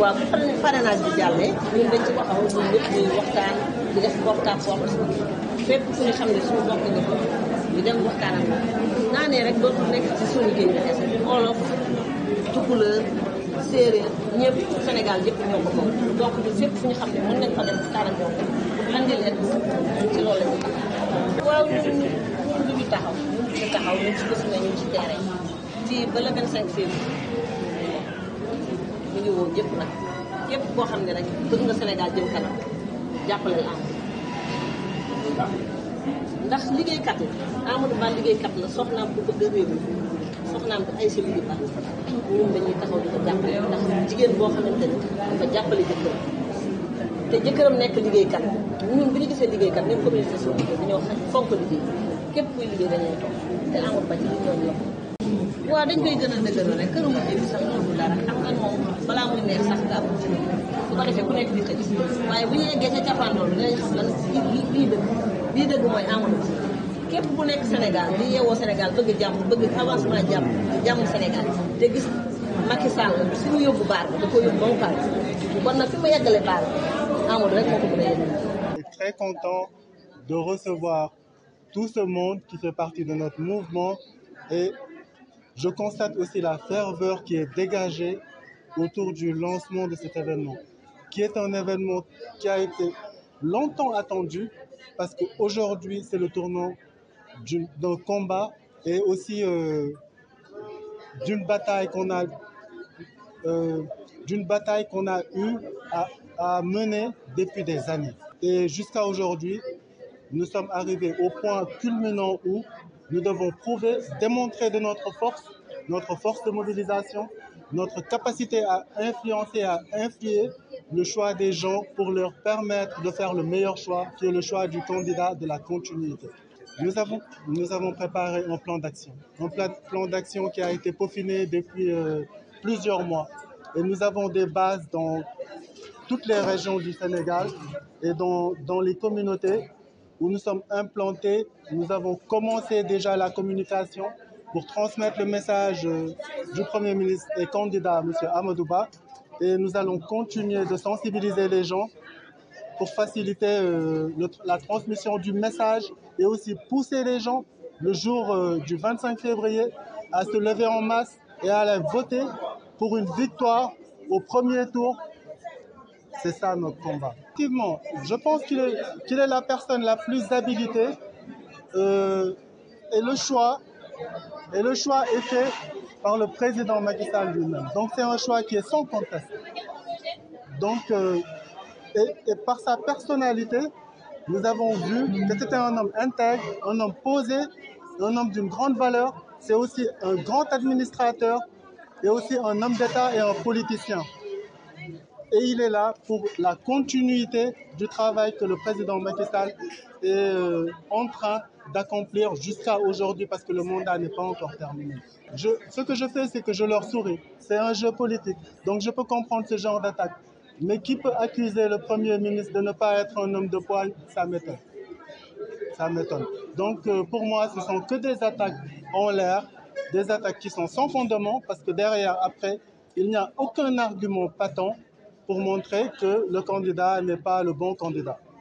waaw bu fan parrainage bi jàllee ñun dañ ci waxaw ñun ñëpp ñuy waxtaan di def waxtaan boo xam ne ñu xam ne suñu bokk nga ko ñu dem waxtaan ak moom rek dootul nekk ci suñu géej la kese olof tukuleur séeréer ñëpp Sénégal yëpp ñoo ko moom donc ñu fépp fu ñu xam ne mën nañ fa dem waxtaan ci loolu la taxaw waaw ñun ñun duñu taxaw duñu taxaw ñun na ñu ci terrain ci ba le 25 ñu ngi woo nag képp boo xam ne rek bëgg na senegal jëm kanam jàppale la am ndax liggéeykat la Amadou Ba liggéeykat na soxnaam bu bëgg réew mi soxnaam ko si liggéey ba ñun taxaw di ko jàppale ndax jigéen boo xamante ne dafa jàppale jëkkër te jëkkëram nekk liggéeykat ñun bi ñu gisee liggéeykat ñun communauté sociale liggéey képp kuy liggéey dañuy te Amadou Ba ci li ñoon waaw dañ koy gën a dëgëral rek këru mucc bi sax loolu dara xam nga moom balaa muy neex sax nga am ci bu ko defee ku nekk di ko gis waaye bu ñu yeggee ca cappaandaw bi dinañ xam lan lii lii dëgg lii dëgg mooy amul képp bu nekk Sénégal di yeewoo Sénégal bëgg jàmm bëgg avancement jàmm jàmm Sénégal te gis Macky Sall fi mu yóbbu baar da ko yóbbu ba mu faal kon nag fi mu yeggale baar amul rek moo ko mën a très content de recevoir tout ce monde qui fait partie de notre mouvement et je constate aussi la ferveur qui est dégagée autour du lancement de cet événement, qui est un événement qui a été longtemps attendu parce qu'aujourd'hui, c'est le tournant d'un combat et aussi euh, d'une bataille qu'on a euh, bataille qu'on a eu à, mener depuis des années. Et jusqu'à aujourd'hui, nous sommes arrivés au point culminant où nous devons prouver, démontrer de notre force, notre force de mobilisation, notre capacité à influencer, à influer le choix des gens pour leur permettre de faire le meilleur choix, qui est le choix du candidat de la continuité. Nous avons, nous avons préparé un plan d'action, un plan d'action qui a été peaufiné depuis euh, plusieurs mois. Et nous avons des bases dans toutes les régions du Sénégal et dans, dans les communautés où nous sommes implantés. Nous avons commencé déjà la communication pour transmettre le message euh, du Premier ministre et candidat, M. Amadouba. Et nous allons continuer de sensibiliser les gens pour faciliter euh, la transmission du message et aussi pousser les gens le jour euh, du 25 février à se lever en masse et à aller voter pour une victoire au premier tour. C'est ça notre combat effectivement, je pense qu'il est, la personne la plus habilitée euh, et, le choix, et le choix est fait par le président Macky Sall lui-même. Donc c'est un choix qui est sans conteste. Donc, euh, et, par sa personnalité, nous avons vu que c'était un homme intègre, un homme posé, un homme d'une grande valeur. C'est aussi un grand administrateur et aussi un homme d'État et un politicien et il est là pour la continuité du travail que le président Macky Sall est euh, en train d'accomplir jusqu'à aujourd'hui parce que le mandat n'est pas encore terminé. Je, ce que je fais, c'est que je leur souris. C'est un jeu politique. Donc je peux comprendre ce genre d'attaque. Mais qui peut accuser le Premier ministre de ne pas être un homme de poil Ça m'étonne. Ça m'étonne. Donc euh, pour moi, ce sont que des attaques en l'air, des attaques qui sont sans fondement parce que derrière, après, il n'y a aucun argument patent pour montrer que le candidat n'est pas le bon candidat.